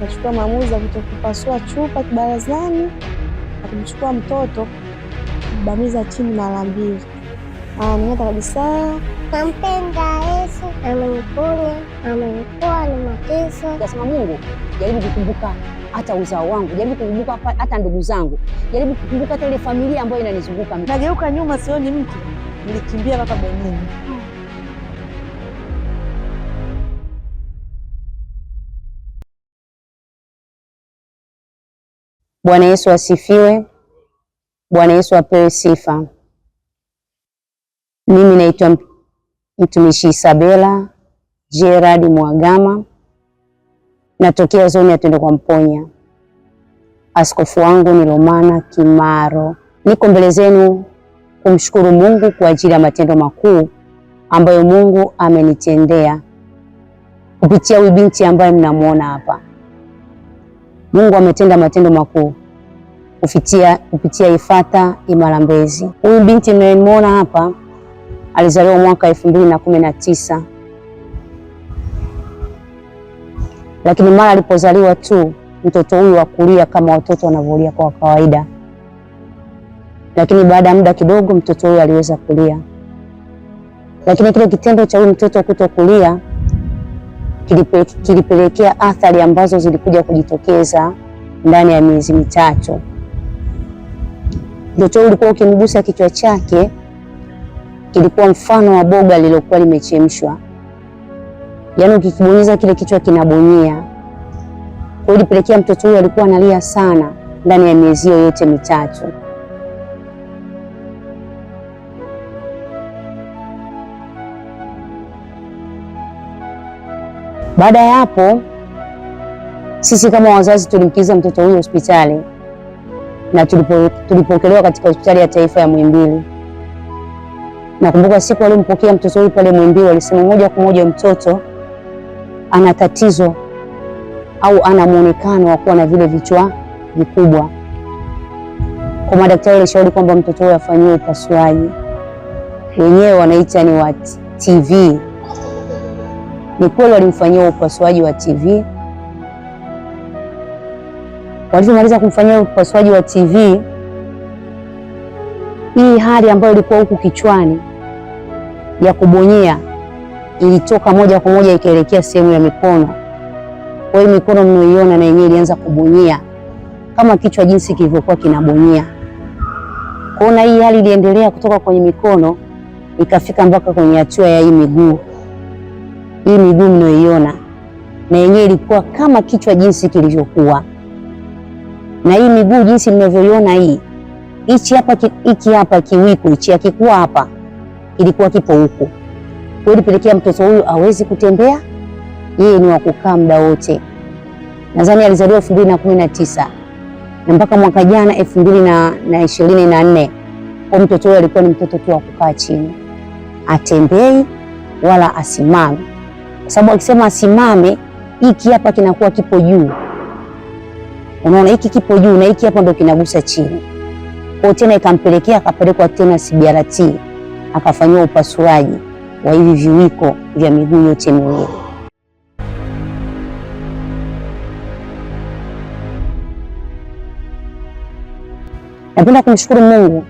tukachukua maamuzi ya kutokupasua chupa kibarazani na kumchukua mtoto kubamiza chini mara mbili. Ah, Niata kabisa nampenda Yesu, ameniponya, amenikoa na mateso. Nasema Mungu, jaribu kukumbuka hata uzao wangu, jaribu kukumbuka hata ndugu zangu, jaribu kukumbuka hata ile familia ambayo inanizunguka. Nageuka nyuma, sioni mtu, nilikimbia mpaka Benin. Mm. Bwana Yesu asifiwe. Bwana Yesu apewe sifa. Mimi naitwa mtumishi Isabela Gerard Mwagama, natokea zoni ya Twende kwa Mponya. Askofu wangu ni Romana Kimaro. Niko mbele zenu kumshukuru Mungu kwa ajili ya matendo makuu ambayo Mungu amenitendea kupitia huyu binti ambaye mnamwona hapa. Mungu ametenda matendo makuu kupitia kupitia Ifata Imara Mbezi. Huyu binti mnayemwona hapa alizaliwa mwaka elfu mbili na kumi na tisa lakini mara alipozaliwa tu mtoto huyu akulia kama watoto wanavyolia kwa kawaida, lakini baada ya muda kidogo mtoto huyu aliweza kulia. Lakini kile kitendo cha huyu mtoto kutokulia kilipelekea athari ambazo zilikuja kujitokeza ndani ya miezi mitatu. Ndoto ulikuwa ukimgusa kichwa chake, kilikuwa mfano wa boga lilokuwa limechemshwa, yaani ukikibonyeza kile kichwa kinabonyea. Kwa hiyo ilipelekea mtoto huyo alikuwa analia sana ndani ya miezi hiyo yote mitatu. Baada ya hapo, sisi kama wazazi tulimkiliza mtoto huyo hospitali na tulipokelewa katika hospitali ya taifa ya Muhimbili. Nakumbuka siku waliompokea mtoto huyu pale Muhimbili walisema moja kwa moja mtoto ana tatizo au ana mwonekano wa kuwa na vile vichwa vikubwa. Kwa madaktari walishauri kwamba mtoto huyo afanyiwe upasuaji, wenyewe wanaita ni wa TV. Ni kweli walimfanyia upasuaji wa TV Walivyomaliza kumfanyia upasuaji wa TV, hii hali ambayo ilikuwa huku kichwani ya kubonyea ilitoka moja kwa moja ikaelekea sehemu ya mikono. Kwa hiyo mikono mnaiona na yenyewe ilianza kubonyea kama kichwa jinsi kilivyokuwa kinabonyea. Kwa hii hali iliendelea kutoka kwenye mikono ikafika mpaka kwenye hatua ya hii miguu. Hii miguu mnaiona na yenyewe ilikuwa kama kichwa jinsi kilivyokuwa na hii miguu jinsi mnavyoiona hii, hichi hapa hiki hapa kiwiko hichi akikuwa hapa ilikuwa kipo huko, kweli pelekea mtoto huyu awezi kutembea. Yeye ni wa kukaa muda wote. Nadhani alizaliwa elfu mbili na kumi na tisa na mpaka mwaka jana elfu mbili na ishirini na nne kwa mtoto huyu alikuwa ni mtoto tu wa kukaa chini, atembei wala asimame, kwa sababu akisema asimame hiki hapa kinakuwa kipo juu. Unaona hiki kipo juu na hiki hapo ndo kinagusa chini. Kwa tena ikampelekea akapelekwa tena CBRT akafanywa upasuaji wa hivi viwiko vya miguu yote miwili. Napenda kumshukuru Mungu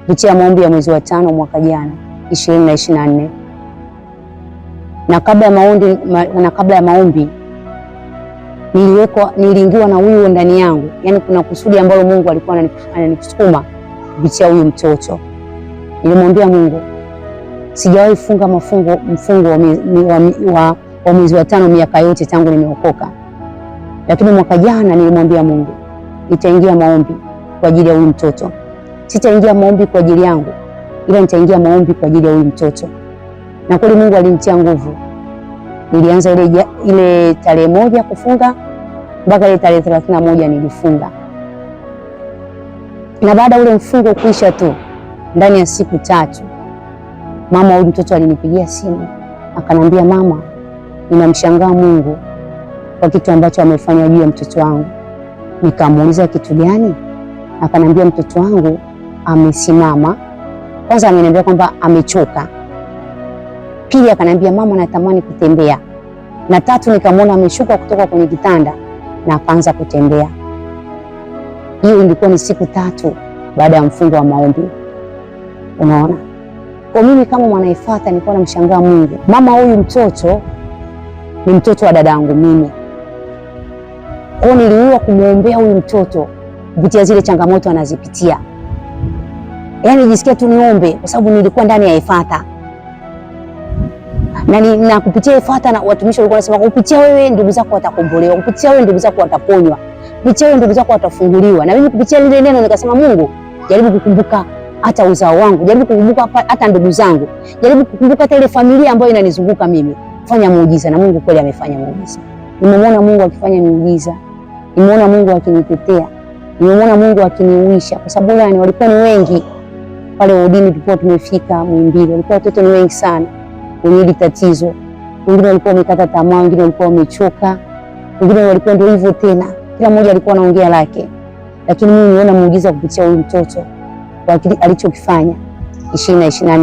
kupitia maombi ya mwezi wa tano mwaka jana ishirini na ishirini na nne na kabla ya maombi niliwekwa, niliingiwa na wivu ndani yangu. Yani kuna kusudi ambalo Mungu alikuwa ananisukuma kupitia huyu mtoto. Nilimwambia Mungu, sijawahi funga mafungo mfungo wa mwezi wa tano miaka yote tangu nimeokoka, lakini mwaka jana nilimwambia Mungu, nitaingia maombi kwa ajili ya huyu mtoto. Sitaingia maombi kwa ajili yangu, ila nitaingia maombi kwa ajili ya huyu mtoto, na kweli Mungu alinitia nguvu. Nilianza ile, ile tarehe moja kufunga mpaka ile tarehe thelathini na moja nilifunga, na baada ule mfungo kuisha tu ndani ya siku tatu mama huyu mtoto alinipigia simu akanambia, mama, ninamshangaa Mungu kwa kitu ambacho amefanya juu ya mtoto wangu. Nikamuuliza kitu gani? Akanambia mtoto wangu amesimama. Kwanza ameniambia kwamba amechoka Pili akaniambia mama, natamani kutembea. Na tatu nikamwona ameshuka kutoka kwenye kitanda na akaanza kutembea. Hiyo ilikuwa ni siku tatu baada ya mfungo wa maombi. Unaona, kwa mimi kama mwanaifata nilikuwa namshangaa Mungu. Mama huyu mtoto ni mtoto wa dadangu mimi, kwa niliua kumwombea huyu mtoto kupitia zile changamoto anazipitia, yaani jisikia tu niombe, kwa sababu nilikuwa ndani ya ifata na, ni, na kupitia ifuata na watumishi walikuwa wanasema kupitia wewe ndugu zako watakombolewa, kupitia wewe ndugu zako wataponywa, kupitia wewe ndugu zako watafunguliwa. Na mimi kupitia lile neno nikasema, Mungu, jaribu kukumbuka hata uzao wangu, jaribu kukumbuka hata ndugu zangu, jaribu kukumbuka hata ile familia ambayo inanizunguka mimi. Fanya muujiza, na Mungu kweli amefanya muujiza. Nimemwona Mungu akifanya miujiza, nimeona Mungu akinitetea, nimemwona Mungu akiniuisha, kwa sababu yani walikuwa ni wengi pale udini, tulikuwa tumefika Mwimbili, walikuwa watoto ni wengi sana kwenye hili tatizo. Wengine walikuwa wamekata tamaa, wengine walikuwa wamechoka, wengine walikuwa ndio hivyo tena, kila mmoja alikuwa anaongea lake, lakini mimi niona muujiza kupitia huyu mtoto kwa kile alichokifanya. ishirini na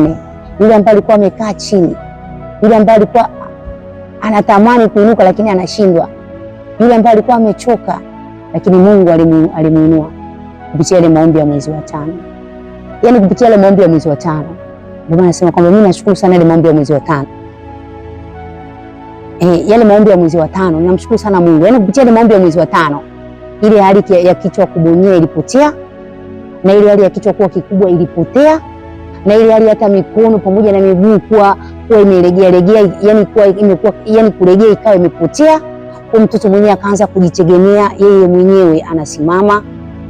yule ambaye alikuwa amekaa chini, yule ambaye alikuwa anatamani kuinuka lakini anashindwa, yule ambaye alikuwa amechoka, lakini Mungu alimuinua kupitia ile maombi ya mwezi wa tano, yaani kupitia ile maombi ya mwezi wa tano. Ndio maana nasema kwamba mimi nashukuru sana ile maombi ya mwezi wa tano. Eh, yale maombi ya mwezi wa tano ninamshukuru sana Mungu. Yaani kupitia ile maombi ya mwezi wa tano ile hali ya kichwa kubonyea ilipotea na ile hali ya kichwa kuwa kikubwa ilipotea na ile hali hata mikono pamoja na miguu kuwa kuwa imelegea legea, yani kuwa imekuwa yani kulegea ikawa imepotea. Kwa mtoto mwenyewe akaanza kujitegemea yeye mwenyewe, anasimama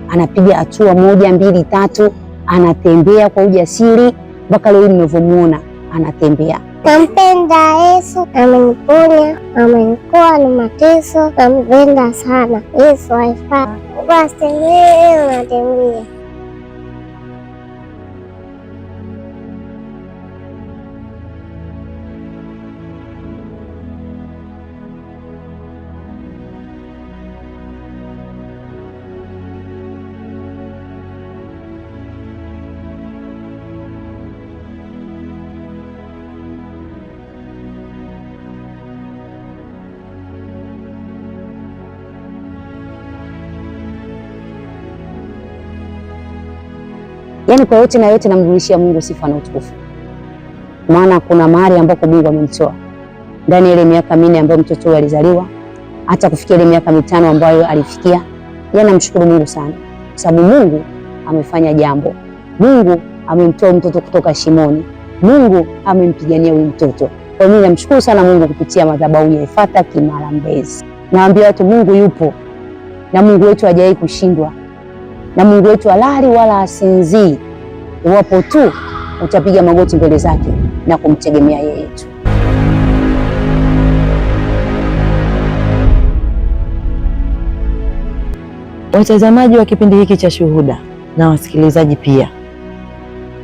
anapiga hatua moja mbili tatu, anatembea kwa ujasiri mpaka leo ninavyomuona anatembea. Nampenda Yesu, ameniponya, amenikoa na mateso, nampenda sana Yesu. Haifai basi, leo natembea Yaani kwa yote na yote namrudishia Mungu sifa na utukufu, maana kuna mahali ambako Mungu amemtoa ndani ile miaka minne ambayo mtoto huyu alizaliwa hata kufikia ile miaka mitano ambayo alifikia. Yaani namshukuru Mungu sana, kwa sababu Mungu amefanya jambo. Mungu amemtoa mtoto kutoka shimoni, Mungu amempigania huyu mtoto. Kwa mimi namshukuru sana Mungu kupitia madhabahu ya Efata Kimara Mbezi. Naambia watu Mungu yupo na Mungu wetu hajawahi kushindwa na Mungu wetu halali wala asinzii, iwapo tu utapiga magoti mbele zake na kumtegemea yeye tu. Watazamaji wa kipindi hiki cha Shuhuda na wasikilizaji pia,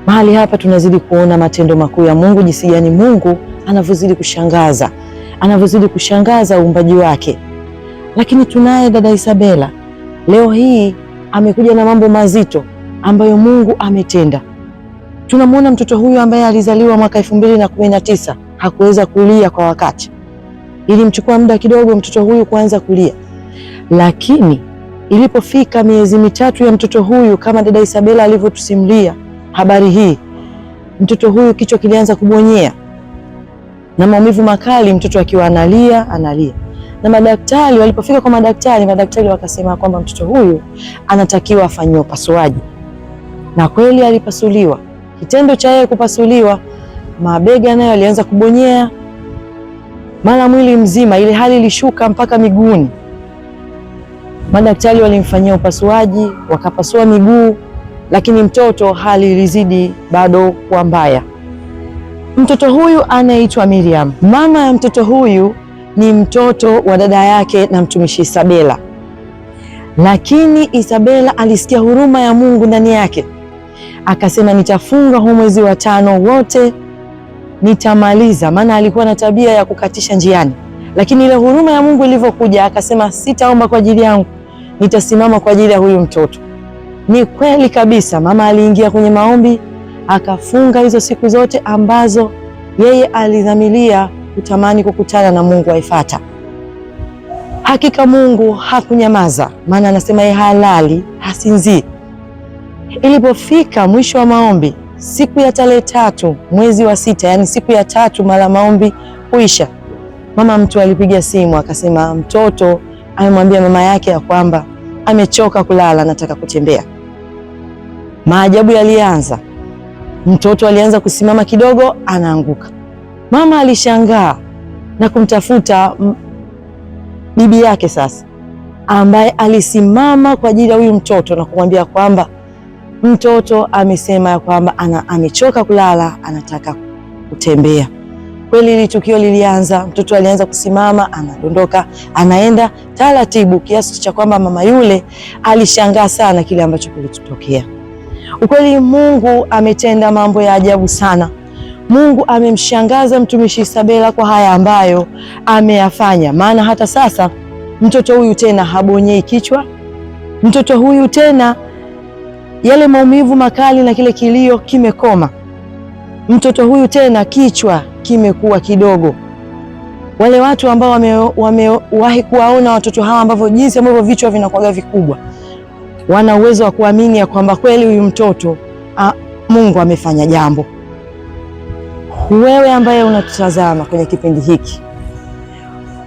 mahali hapa tunazidi kuona matendo makuu ya Mungu, jinsi gani Mungu anavyozidi kushangaza, anavyozidi kushangaza uumbaji wake. Lakini tunaye dada Isabela leo hii amekuja na mambo mazito ambayo Mungu ametenda. Tunamwona mtoto huyu ambaye alizaliwa mwaka elfu mbili na kumi na tisa hakuweza kulia kwa wakati, ilimchukua muda kidogo mtoto huyu kuanza kulia, lakini ilipofika miezi mitatu ya mtoto huyu, kama dada Isabela alivyotusimulia habari hii, mtoto huyu kichwa kilianza kubonyea na maumivu makali, mtoto akiwa analia analia na madaktari walipofika kwa madaktari, madaktari wakasema kwamba mtoto huyu anatakiwa afanyiwe upasuaji, na kweli alipasuliwa. Kitendo cha yeye kupasuliwa, mabega nayo alianza kubonyea, mara mwili mzima, ile hali ilishuka mpaka miguuni. Madaktari walimfanyia upasuaji, wakapasua miguu, lakini mtoto hali ilizidi bado kuwa mbaya. Mtoto huyu anaitwa Miriam. Mama ya mtoto huyu ni mtoto wa dada yake na mtumishi Isabela, lakini Isabela alisikia huruma ya Mungu ndani yake, akasema nitafunga huu mwezi wa tano wote nitamaliza, maana alikuwa na tabia ya kukatisha njiani. Lakini ile huruma ya Mungu ilivyokuja, akasema sitaomba kwa ajili yangu, nitasimama kwa ajili ya huyu mtoto. Ni kweli kabisa, mama aliingia kwenye maombi, akafunga hizo siku zote ambazo yeye alidhamilia kutamani kukutana na Mungu aifata. Hakika Mungu hakunyamaza, maana anasema yeye halali hasinzii. Ilipofika mwisho wa maombi siku ya tarehe tatu mwezi wa sita, yaani siku ya tatu mara maombi kuisha, mama mtu alipiga simu akasema mtoto amemwambia mama yake ya kwamba amechoka kulala, anataka kutembea. Maajabu yalianza. Mtoto alianza kusimama kidogo, anaanguka. Mama alishangaa na kumtafuta bibi yake sasa, ambaye alisimama kwa ajili ya huyu mtoto na kumwambia kwamba mtoto amesema ya kwamba ana, amechoka kulala anataka kutembea. Kweli ile tukio lilianza, mtoto alianza kusimama, anadondoka, anaenda taratibu, kiasi cha kwamba mama yule alishangaa sana kile ambacho kilitokea. Ukweli Mungu ametenda mambo ya ajabu sana. Mungu amemshangaza mtumishi Isabela kwa haya ambayo ameyafanya, maana hata sasa mtoto huyu tena habonyei kichwa, mtoto huyu tena yale maumivu makali na kile kilio kimekoma, mtoto huyu tena kichwa kimekuwa kidogo. Wale watu ambao wamewahi wame kuwaona watoto hawa ambavyo jinsi ambavyo vichwa vinakuwa vikubwa, wana uwezo wa kuamini ya kwamba kweli huyu mtoto a, Mungu amefanya jambo. Wewe ambaye unatutazama kwenye kipindi hiki,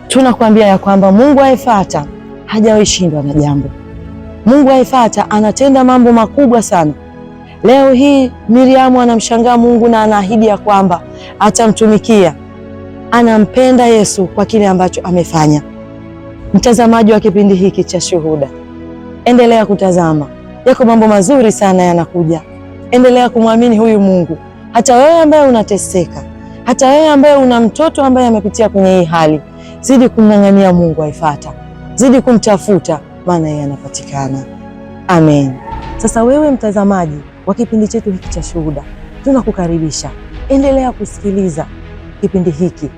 tunakuambia ya kwamba Mungu aefata hajawahi na jambo. Mungu aefata anatenda mambo makubwa sana. Leo hii Miriamu anamshangaa Mungu na anaahidi ya kwamba atamtumikia. Anampenda Yesu kwa kile ambacho amefanya. Mtazamaji wa kipindi hiki cha Shuhuda, endelea kutazama, yako mambo mazuri sana yanakuja. Endelea kumwamini huyu Mungu hata wewe ambaye unateseka, hata wewe ambaye una mtoto ambaye amepitia kwenye hii hali, zidi kumng'ang'ania Mungu aifata, zidi kumtafuta, maana yeye anapatikana. Amen. Sasa wewe mtazamaji wa kipindi chetu hiki cha Shuhuda, tunakukaribisha endelea kusikiliza kipindi hiki,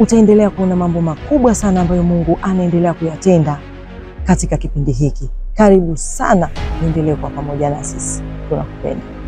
utaendelea kuona mambo makubwa sana ambayo Mungu anaendelea kuyatenda katika kipindi hiki. Karibu sana, niendelee kwa pamoja na sisi, tunakupenda.